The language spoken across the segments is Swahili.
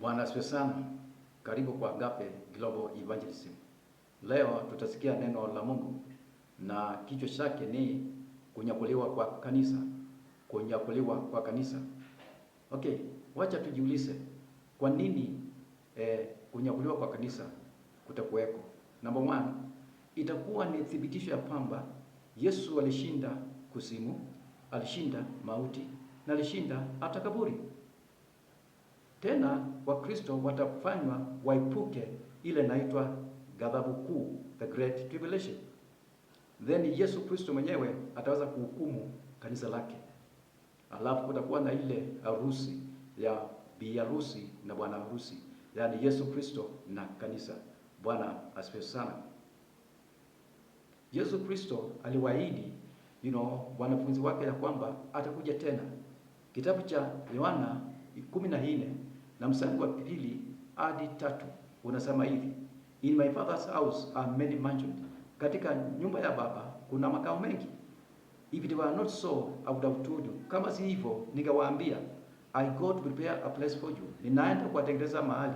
Bwana asifiwe sana. Karibu kwa Agape Global Evangelism. Leo tutasikia neno la Mungu na kichwa chake ni kunyakuliwa kwa kanisa. Kunyakuliwa kwa kanisa. Okay, wacha tujiulize kwa nini eh, kunyakuliwa kwa kanisa kutakuweko. Namba one, itakuwa ni thibitisho ya kwamba Yesu alishinda kuzimu, alishinda mauti na alishinda hata kaburi. Tena Wakristo watafanywa waipuke ile naitwa ghadhabu kuu, the great tribulation. Then Yesu Kristo mwenyewe ataweza kuhukumu kanisa lake, alafu kutakuwa na ile harusi ya bi harusi na bwana harusi, yani Yesu Kristo na kanisa. Bwana asifiwe sana. Yesu Kristo aliwaahidi you know, wanafunzi wake ya kwamba atakuja tena. Kitabu cha Yohana kumi na mstari wa pili hadi tatu unasema hivi, in my father's house are many mansions, katika nyumba ya baba kuna makao mengi. If it were not so I would have told you, kama si hivyo ningewaambia. I go to prepare a place for you, ninaenda kuwatengeneza mahali.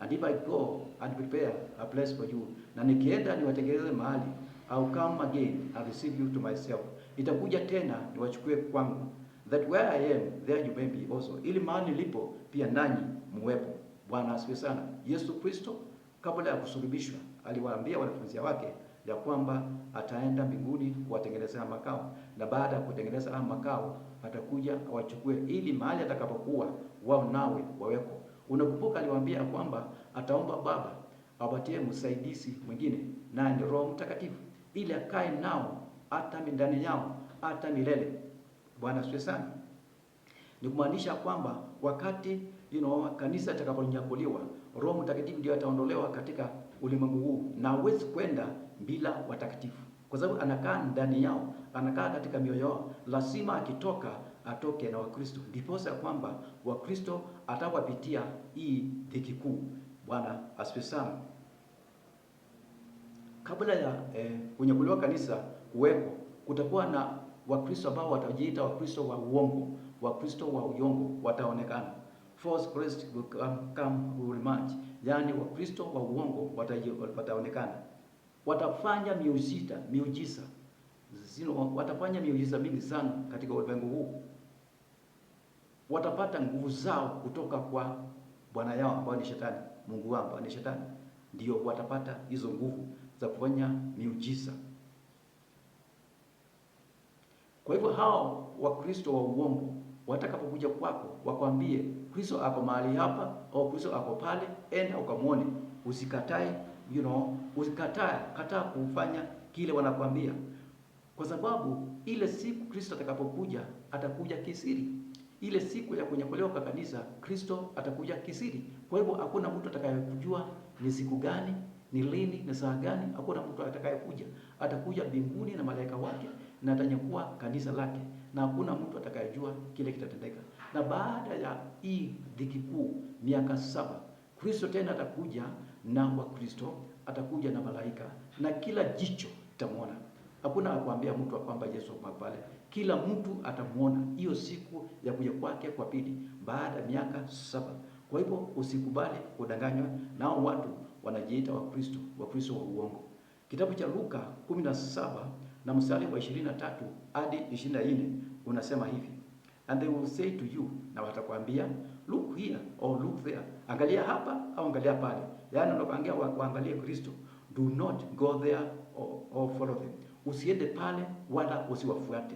And if I go and prepare a place for you, na nikienda niwatengeneze mahali, I'll come again and receive you to myself, nitakuja tena niwachukue kwangu that where I am there you may be also, ili mahali nilipo pia nanyi muwepo. Bwana asifiwe sana. Yesu Kristo kabla ya kusulubishwa aliwaambia wanafunzi wake ya kwamba ataenda mbinguni kuwatengenezea makao, na baada ya kutengeneza haya makao atakuja awachukue, ili mahali atakapokuwa wao nawe waweko. Unakumbuka aliwaambia kwamba ataomba Baba awapatie msaidizi mwingine, naye ni Roho Mtakatifu, ili akae nao hata mindani yao hata milele. Bwana asifiwe sana. Ni kumaanisha kwamba wakati you know, kanisa litakaponyakuliwa, Roho Mtakatifu ndiye ataondolewa katika ulimwengu huu, na hawezi kwenda bila watakatifu, kwa sababu anakaa ndani yao, anakaa katika mioyo yao. Lazima akitoka atoke na Wakristo, ndiposa kwamba Wakristo atawapitia hii dhiki kuu. Bwana asifiwe sana. Kabla ya eh, kunyakuliwa kanisa kuwepo, kutakuwa na Wakristo ambao watajiita Wakristo wa uongo, Wakristo wa uongo wataonekana. False Christ will come, come will emerge. Yaani Wakristo wa uongo wataonekana, watafanya miujiza, miujiza zino, watafanya miujiza mingi sana katika ulimwengu huu. Watapata nguvu zao kutoka kwa bwana yao ambao ni Shetani, mungu wao ambao ni Shetani, ndio watapata hizo nguvu za kufanya miujiza. Kwa hivyo hao Wakristo wa uongo watakapokuja kwako wakwambie Kristo ako mahali hapa au Kristo ako pale, enda ukamwone, usikatae, you know, usikatae, kataa kufanya kile wanakwambia, kwa sababu ile siku Kristo atakapokuja atakuja kisiri. Ile siku ya kunyakuliwa kwa kanisa, Kristo atakuja kisiri. Kwa hivyo hakuna mtu atakayekujua ni siku gani, ni lini, ni saa gani. Hakuna mtu atakayekuja, atakuja mbinguni na malaika wake na atanyakua kanisa lake, na hakuna mtu atakayejua kile kitatendeka. Na baada ya hii dhiki kuu, miaka saba, Kristo tena atakuja na Wakristo, atakuja na malaika, na kila jicho litamwona. Hakuna akwambia mtu kwamba Yesu pale, kila mtu atamwona hiyo siku ya kuja kwake kwa pili, baada ya miaka saba. Kwa hivyo usikubali kudanganywa nao watu wanajiita Wakristo, Wakristo wa uongo. Kitabu cha Luka na mstari wa 23 hadi 24 unasema hivi, and they will say to you, na watakwambia look here or oh, look there, angalia hapa au angalia pale. Yaani unapangia waangalie Kristo, do not go there or, oh, or oh, follow them, usiende pale wala usiwafuate.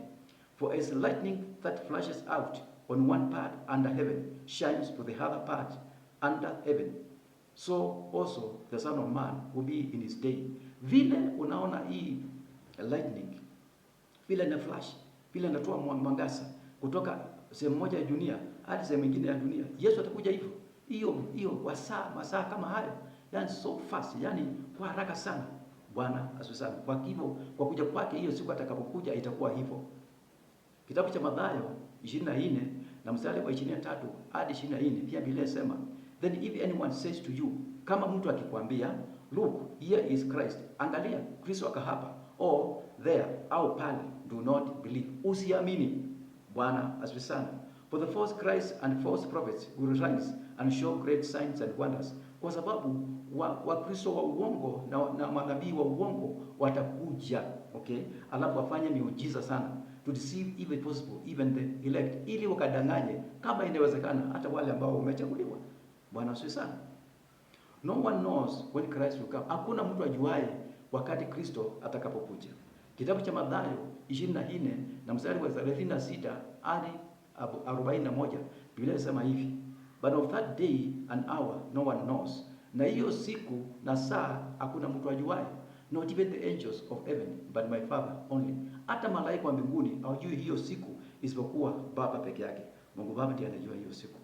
For as lightning that flashes out on one part under heaven shines to the other part under heaven so also the Son of Man will be in his day. Vile unaona hii lightning, vile na flash, vile inatoa mwangaza kutoka sehemu moja ya dunia hadi sehemu nyingine ya dunia. Yesu atakuja hivyo hiyo hiyo kwa saa masaa kama hayo, yani so fast, yani kwa haraka sana. Bwana asifiwe sana. Kwa hivyo kwa kuja kwake, hiyo siku atakapokuja itakuwa hivyo. Kitabu cha Mathayo 24 na mstari wa 23 hadi 24, pia Biblia inasema then if anyone says to you, kama mtu akikwambia look here is Christ, angalia Kristo akahapa hapa or there au pale, do not believe, usiamini. Bwana asifi sana. For the false Christ and false prophets will rise and show great signs and wonders, kwa sababu Wakristo wa, wa uongo na, na manabii wa uongo watakuja, okay, alafu wafanye miujiza sana to deceive if it possible even the elect, ili wakadanganye kama inawezekana hata wale ambao wamechaguliwa. Bwana asifi sana. No one knows when Christ will come. Hakuna mtu ajuaye wakati Kristo atakapokuja. Kitabu cha Mathayo 24 na mstari wa 36 hadi 41, Biblia inasema hivi, But of that day and hour no one knows, na hiyo siku na saa hakuna mtu ajuaye, not even the angels of heaven but my Father only. Hata malaika wa mbinguni hawajui hiyo siku isipokuwa Baba peke yake. Mungu Baba ndiye anajua hiyo siku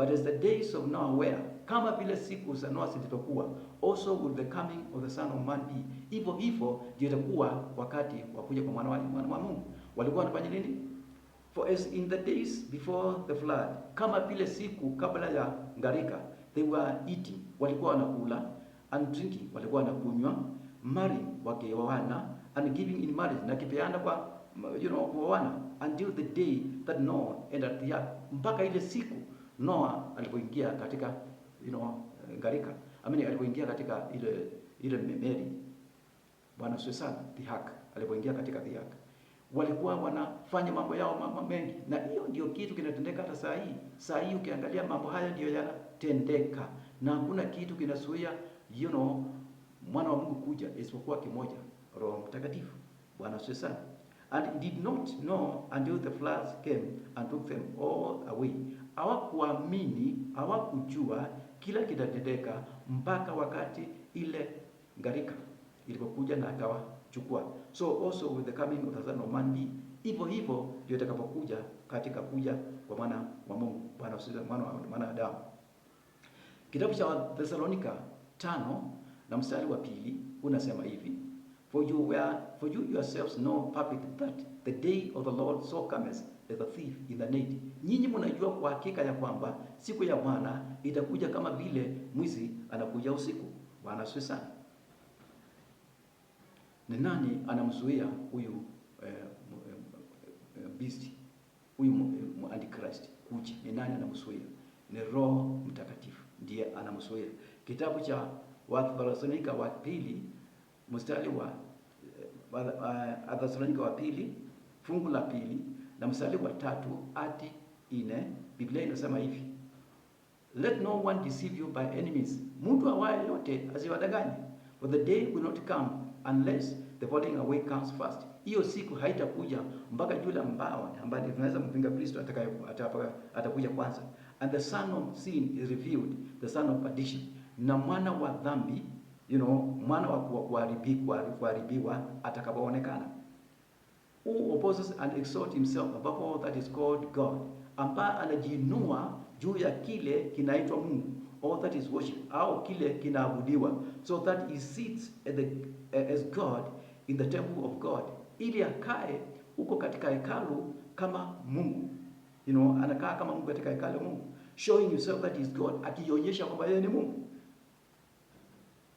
but as the days of Noah were, kama vile siku za Noa zilivyokuwa, also will the coming of the son of man be. Hivyo hivyo ndio itakuwa wakati wa kuja kwa mwana wa Mungu. Walikuwa wanafanya nini? For as in the days before the flood, kama vile siku kabla ya ngarika, they were eating, walikuwa wanakula, and drinking, walikuwa wanakunywa, marrying, wakiwana, and giving in marriage, na kipeana kwa you know, kuoana, until the day that Noah entered the ark, mpaka ile siku Noa alipoingia katika you know, garika I mean, alipoingia katika ile ile meli Bwana sio sana dhihaka, alipoingia katika dhihaka walikuwa wanafanya mambo yao mambo mengi, na hiyo ndio kitu kinatendeka hata saa hii. Saa hii ukiangalia mambo haya ndio yanatendeka, na hakuna kitu kinasuia you know, mwana wa Mungu kuja isipokuwa kimoja, Roho Mtakatifu. Bwana sio sana and did not know until the floods came and took them all away hawakuamini, hawakujua kila kitatendeka mpaka wakati ile gharika ilipokuja na akawachukua. So also with the coming of the Son of Man hivyo hivyo ndio itakapokuja katika kuja kwa mwana wa Mungu, Bwana mwana wa mwanadamu. Kitabu cha Thessalonica tano na mstari wa pili unasema hivi for you were, for you yourselves know perfectly that the day of the Lord so cometh thief in the night. Nyinyi mnajua kwa hakika ya kwamba siku ya Bwana itakuja kama vile mwizi anakuja usiku. Bwana asifiwe sana. Ni nani anamzuia huyu eh, eh, eh, beast huyu antichrist kuja? Ni nani anamzuia? Ni Roho Mtakatifu ndiye anamzuia. Kitabu cha Wathesalonika wa pili mstari wa Wathesalonika wa pili fungu la pili na mstari wa tatu hadi ine, Biblia inasema hivi, let no one deceive you by enemies, mtu awaye yote asiwadanganye, for the day will not come unless the falling away comes first. Hiyo siku haitakuja mpaka yule ambao ambaye tunaweza mpinga Kristo atakuja kwanza. And the son of sin is revealed, the son of perdition, na mwana wa dhambi, you know, mwana wa kuharibiwa, kuharibiwa atakapoonekana who opposes and exalts himself above all that is called God, ambaye anajiinua juu ya kile kinaitwa Mungu, all that is worship, au kile kinaabudiwa, so that he sits at the, eh, as God in the temple of God, ili akae huko katika hekalu kama Mungu. You know, anakaa kama Mungu katika hekalu ya Mungu, showing himself that he is God, akijionyesha kwamba yeye ni Mungu.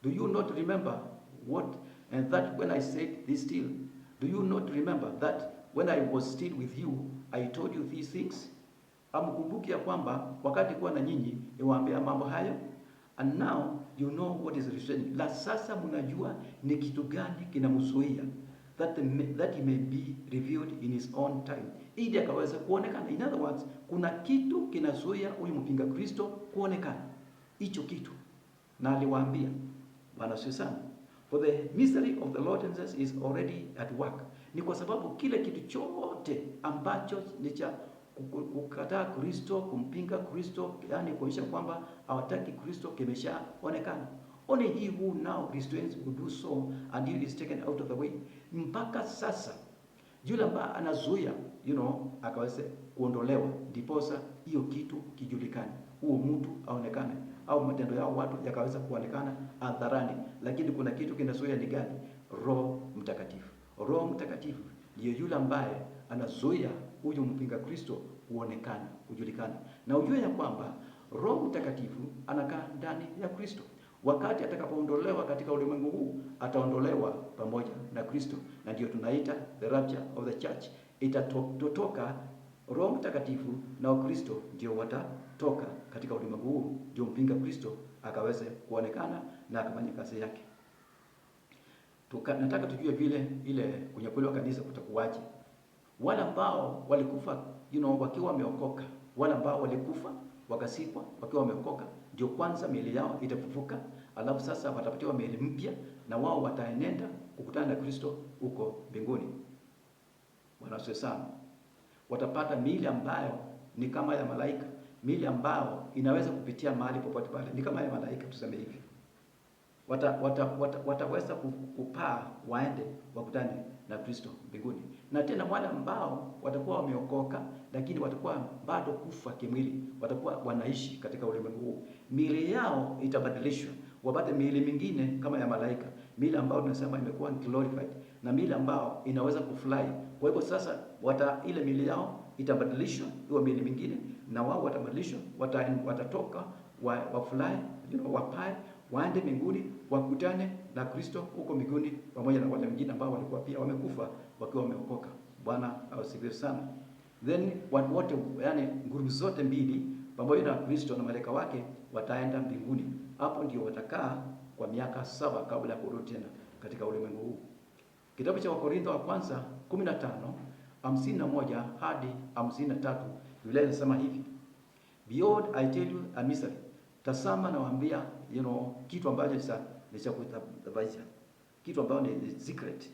Do you not remember what and that when I said this still Do you not remember that when I was still with you I told you these things? Amkumbuki ya kwamba wakati kuwa na nyinyi niwaambia mambo hayo. And now you know what is restraining. La, sasa mnajua ni kitu gani kinamzuia that the, that he may be revealed in his own time, ili akaweza kuonekana. In other words, kuna kitu kinazuia huyu mpinga Kristo kuonekana, hicho kitu na aliwaambia Bwana sana For the mystery of the Lord is already at work. Ni kwa sababu kile kitu chote ambacho ni cha kukataa Kristo, kumpinga Kristo, yani kuonyesha kwamba hawataki Kristo, kimeshaonekana. Only he who now restrains will do so until he is taken out of the way. Mpaka sasa yule ambaye anazuia you know, akaweze kuondolewa, ndiposa hiyo kitu kijulikane, huo mtu aonekane au matendo yao watu yakaweza kuonekana hadharani, lakini kuna kitu kinazuia. Ni gani? Roho Mtakatifu. Roho Mtakatifu ndiyo yule ambaye anazuia huyu mpinga Kristo kuonekana, kujulikana. Na ujue ya kwamba Roho Mtakatifu anakaa ndani ya Kristo. Wakati atakapoondolewa katika ulimwengu huu, ataondolewa pamoja na Kristo, na ndio tunaita the rapture of the church. Itatotoka Roho Mtakatifu na Kristo ndio wata kutoka katika ulimwengu huu ndio mpinga Kristo akaweze kuonekana na akafanya kazi yake. Tuka, nataka tujue vile ile kunyakuliwa kanisa kutakuwaje. Wale ambao walikufa you know, wakiwa wameokoka, wale ambao walikufa wakasikwa wakiwa wameokoka, ndio kwanza miili yao itafufuka, alafu sasa watapatiwa miili mpya na wao wataenenda kukutana na Kristo huko mbinguni. Bwana sana watapata miili ambayo ni kama ya malaika mili ambao inaweza kupitia mahali popote pale, ni kama malaika tuseme hivi wata, wata, wata, wataweza kupaa waende wakutane na Kristo mbinguni, na tena wale ambao watakuwa wameokoka lakini watakuwa bado kufa kimwili, watakuwa wanaishi katika ulimwengu huu, mili yao itabadilishwa wapate miili mingine kama ya malaika, mili ambao tunasema imekuwa glorified na mili ambao inaweza kufly. Kwa hivyo sasa wata ile mili yao itabadilishwa iwe mili mingine na wao watabadilishwa, watatoka wafurahi, wapae, waende mbinguni, wakutane na Kristo huko mbinguni pamoja na wale wengine ambao walikuwa pia wamekufa wakiwa wameokoka. Bwana awasifiwe sana. Then watu wote, yani ngurubu zote mbili pamoja na Kristo na malaika wake wataenda mbinguni. Hapo ndio watakaa kwa miaka saba kabla ya kurudi tena katika ulimwengu huu. Kitabu cha Wakorintho wa kwanza 15 51 hadi 53 Biblia inasema hivi, Behold I tell you a mystery, tazama nawaambia, you know, kitu ambacho ni cha kutabaisha. kitu ambacho ni secret.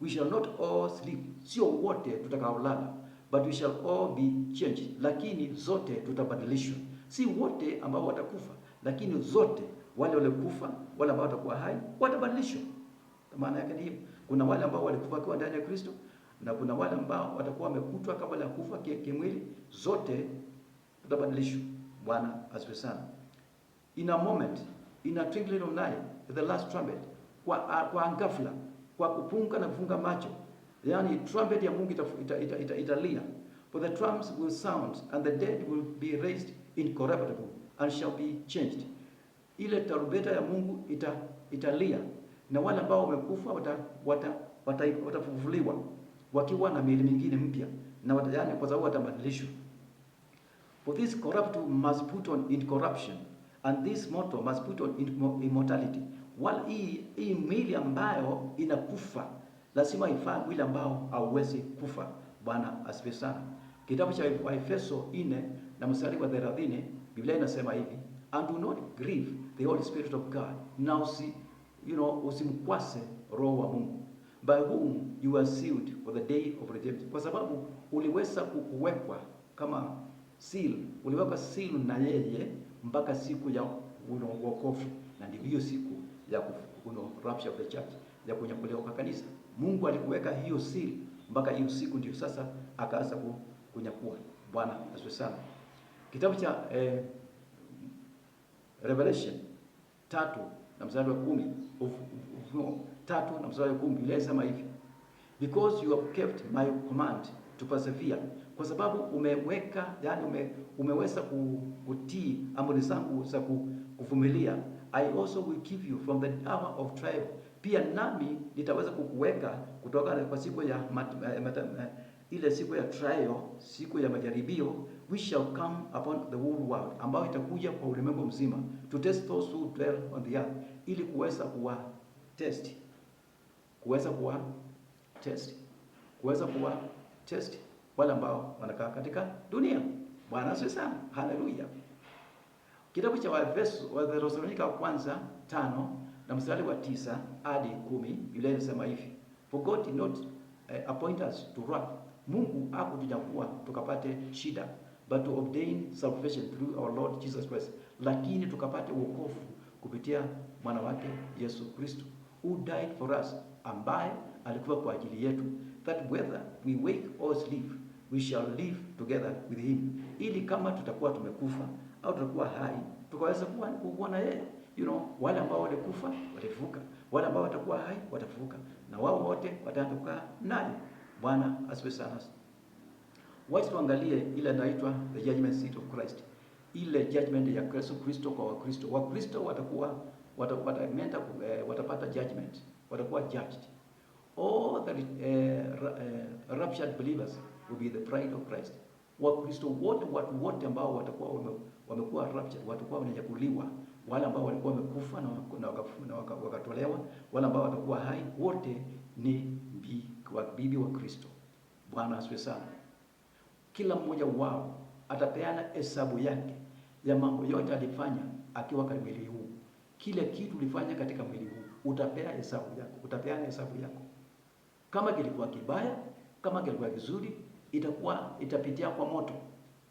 We shall not all sleep, sio wote tutakaolala, but we shall all be changed, lakini zote tutabadilishwa. Si wote ambao watakufa, lakini zote wale waliokufa, wale ambao watakuwa hai watabadilishwa. Maana yake ni hiyo, kuna wale ambao walikufa kwa ndani ya Kristo na kuna wale ambao watakuwa wamekutwa kabla ya kufa kimwili, zote tutabadilishwa. Bwana asifiwe sana. In a moment, in a twinkling of an eye, the last trumpet, kwa kwa ghafla, kwa kupunga na kufunga macho, yani trumpet ya Mungu italia ita, ita, ita ita for the trumps will sound and the dead will be raised incorruptible and shall be changed. Ile tarubeta ya Mungu ita, italia na wale ambao wamekufa watafufuliwa wata, wata, wata wakiwa na miili mingine mpya na watajani, kwa sababu watabadilishwa. For this corrupt must put on in corruption and this mortal must put on immortality. Wala hii hii mwili ambayo inakufa lazima ifaa mwili ambao hauwezi kufa. Bwana asifiwe sana. Kitabu cha Waefeso 4 na mstari wa 30 Biblia inasema hivi, and do not grieve the Holy Spirit of God. Na usi, you know, usimkwase roho wa Mungu by whom you are sealed for the day of redemption, kwa sababu uliweza kuwekwa kama seal, uliwekwa seal na yeye mpaka siku ya wokovu, na ndivyo hiyo siku ya kuno rapture of the church, ya kunyakuliwa kwa kanisa. Mungu alikuweka hiyo seal mpaka hiyo siku, ndio sasa akaanza kunyakua. Bwana asifiwe sana. Kitabu cha eh, Revelation tatu na mstari wa kumi Ufunuo tatu na mstari wa kumi inasema hivi because you have kept my command to persevere, kwa sababu umeweka yani ume, umeweza kutii amri zangu za kuvumilia. I also will keep you from the hour of trial, pia nami nitaweza kukuweka kutoka kwa siku ya mat, eh, mat, mat, eh, ile siku ya trial, siku ya majaribio which shall come upon the whole world, ambayo itakuja kwa ulimwengu mzima to test those who dwell on the earth, ili kuweza kuwa test kuweza kuwa test, kuweza kuwa test wale ambao wanakaa katika dunia. Bwana asifiwe sana, haleluya. Kitabu cha Waefeso wa wa kwanza tano na mstari wa tisa hadi kumi Biblia inasema hivi, for God did not uh, appoint us to wrath, Mungu hakutuchagua tukapate shida, but to obtain salvation through our Lord Jesus Christ, lakini tukapate wokovu kupitia mwana wake Yesu Kristo, who died for us ambaye alikuwa kwa ajili yetu, that whether we wake or sleep we shall live together with him, ili kama tutakuwa tumekufa au tutakuwa hai tukaweza kuwa na yeye. You know, wale ambao walikufa walifufuka, wale ambao watakuwa hai watafufuka, na wao wote wataenda kukaa naye. Bwana asifiwe sana. Wacha tuangalie ile inaitwa the judgment seat of Christ, ile judgment ya Yesu Kristo kwa Wakristo. Wakristo watakuwa eh, watapata judgment watakuwa judged. All the uh, uh, raptured believers will be the bride of Christ. Wakristo wote watu wote ambao watakuwa wamekuwa raptured watakuwa wananyakuliwa, wale ambao walikuwa wamekufa na na wakatolewa, wale ambao watakuwa hai, wote ni wa, bibi wa Kristo. Bwana asifiwe sana. Kila mmoja wao atapeana hesabu yake ya mambo yote alifanya akiwa katika mwili huu, kila kitu ulifanya katika mwili huu utapea hesabu yako, utapeana hesabu yako. Kama kilikuwa kibaya, kama kilikuwa kizuri, itakuwa itapitia kwa moto.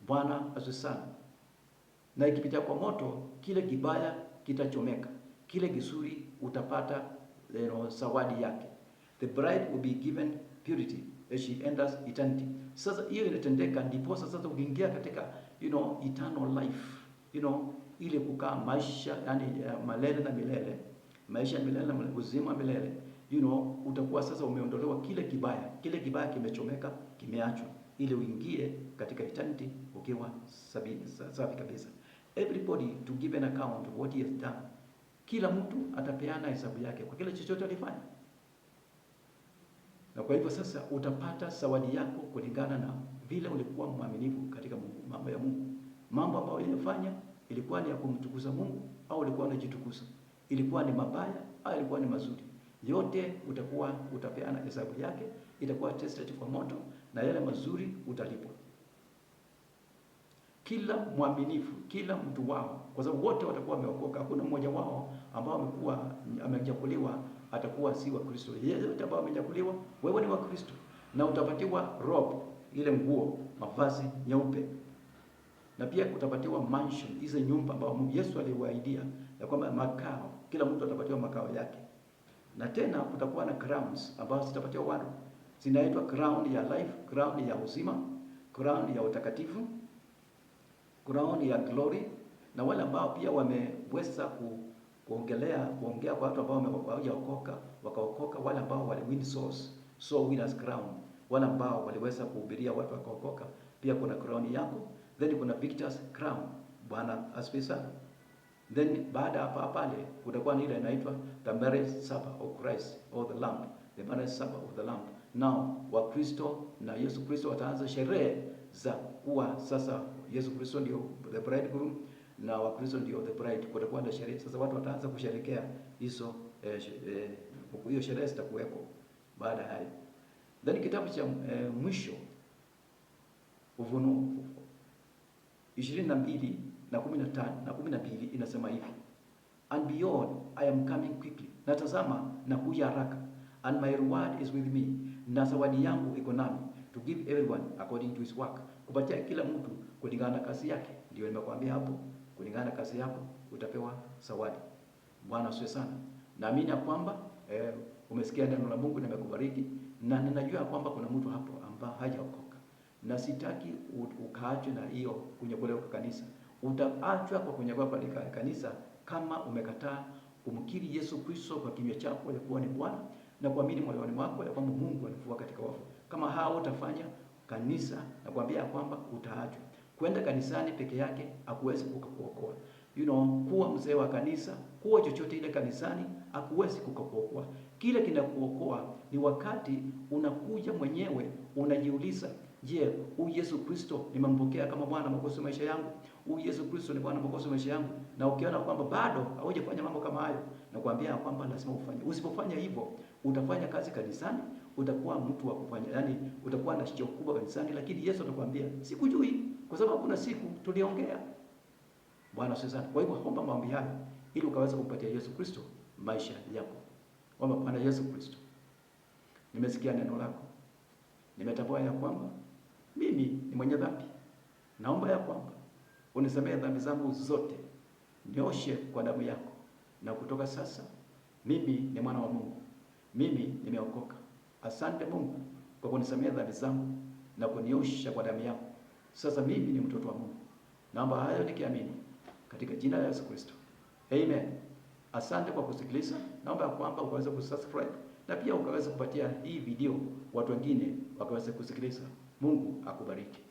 Bwana sana. Na ikipitia kwa moto, kile kibaya kitachomeka, kile kizuri utapata leno eh, know, zawadi yake. The bride will be given purity as she enters eternity. Sasa hiyo inatendeka, ndipo sasa ukiingia katika you know, eternal life you know, ile kukaa maisha yani, uh, eh, malele na milele maisha ya milele na uzima milele, you know, utakuwa sasa umeondolewa kile kibaya. Kile kibaya kimechomeka, kimeachwa, ili uingie katika eternity ukiwa safi kabisa. Everybody to give an account of what he has done. Kila mtu atapeana hesabu yake kwa kile chochote alifanya, na kwa hivyo sasa utapata zawadi yako kulingana na vile ulikuwa mwaminifu katika Mungu, mambo ya Mungu, mambo ambayo ilifanya ilikuwa ni ya kumtukuza Mungu au ulikuwa unajitukuza? ilikuwa ni mabaya au ilikuwa ni mazuri, yote utakuwa utapeana hesabu yake, itakuwa tested kwa moto, na yale mazuri utalipwa. Kila mwaminifu, kila mtu wao, kwa sababu wote watakuwa wameokoka. Hakuna mmoja wao ambao amekuwa amenyakuliwa atakuwa si wa Kristo. Yeyote ambao amenyakuliwa, wewe ni wa Kristo, na utapatiwa robe, ile nguo, mavazi nyeupe na pia utapatiwa mansion, hizo nyumba ambayo Yesu aliwaahidia ya kwamba makao kila mtu atapatiwa makao yake, na tena kutakuwa na crowns ambazo zitapatiwa watu, zinaitwa crown ya life, crown ya uzima, crown ya utakatifu, crown ya glory, na wale ambao pia wameweza ku, kuongelea kuongea kwa watu ambao hawajaokoka wakaokoka, wale ambao wali win souls, so winners crown, wale ambao waliweza kuhubiria watu wakaokoka, pia kuna crown yako, then kuna victors crown. Bwana asifiwe sana. Then baada hapa pale kutakuwa ni ile inaitwa the marriage supper of Christ or the lamb, the marriage supper of the lamb. Now wa Kristo na Yesu Kristo wataanza sherehe za kuwa sasa Yesu Kristo ndio the bridegroom na wa Kristo ndio the bride. Kutakuwa na sherehe sasa, watu wataanza kusherekea hizo eh, eh hiyo, sherehe zitakuwepo baada hayo. Then kitabu cha eh, mwisho Ufunuo 22 na 15 na 12 inasema hivi, and behold I am coming quickly, natazama na tazama haraka, and my reward is with me, na zawadi yangu iko nami, to give everyone according to his work, kupatia kila mtu kulingana na kazi yake. Ndio nimekwambia hapo, kulingana na kazi yako utapewa zawadi. Bwana asifiwe sana. Naamini kwamba eh, umesikia neno la Mungu na nimekubariki, na ninajua kwamba kuna mtu hapo ambaye hajaokoka, na sitaki ukaachwe na hiyo kunyokolewa kwa kanisa utaachwa kwa kunyagwa pale kanisa kama umekataa kumkiri Yesu Kristo kwa kinywa chako ya kuwa ni Bwana na kuamini moyoni mwako ya kwamba Mungu alimfufua katika wafu. Kama hao utafanya kanisa na kuambia kwamba utaachwa. Kwenda kanisani peke yake hakuwezi kukuokoa. You know, kuwa mzee wa kanisa, kuwa chochote ile kanisani hakuwezi kukuokoa. Kile kinakuokoa ni wakati unakuja mwenyewe unajiuliza, je, yeah, huyu Yesu Kristo nimempokea kama Bwana mwokozi maisha yangu? huyu Yesu Kristo ni Bwana Mwokozi wa maisha yangu, na ukiona kwamba bado haujafanya mambo kama hayo, nakwambia kwamba lazima ufanye. Usipofanya hivyo, utafanya kazi kanisani, utakuwa mtu wa kufanya, yani utakuwa na shida kubwa kanisani, lakini Yesu atakwambia sikujui, kwa sababu kuna siku tuliongea. Bwana asifiwe sana. Kwa hivyo omba maombi haya ili ukaweza kumpatia Yesu Kristo maisha yako. Omba Bwana Yesu Kristo, nimesikia neno lako, nimetambua ya kwamba mimi ni mwenye dhambi, naomba ya kwamba unisamehe dhambi zangu zote, nioshe kwa damu yako, na kutoka sasa mimi ni mwana wa Mungu, mimi nimeokoka. Asante Mungu kwa kunisamehe dhambi zangu na kuniosha kwa damu yako. Sasa mimi ni mtoto wa Mungu. Naomba hayo nikiamini katika jina la Yesu Kristo, amen. Asante kwa kusikiliza. Naomba ya kwamba ukaweze kusubscribe na pia ukaweze kupatia hii video watu wengine wakaweze kusikiliza. Mungu akubariki.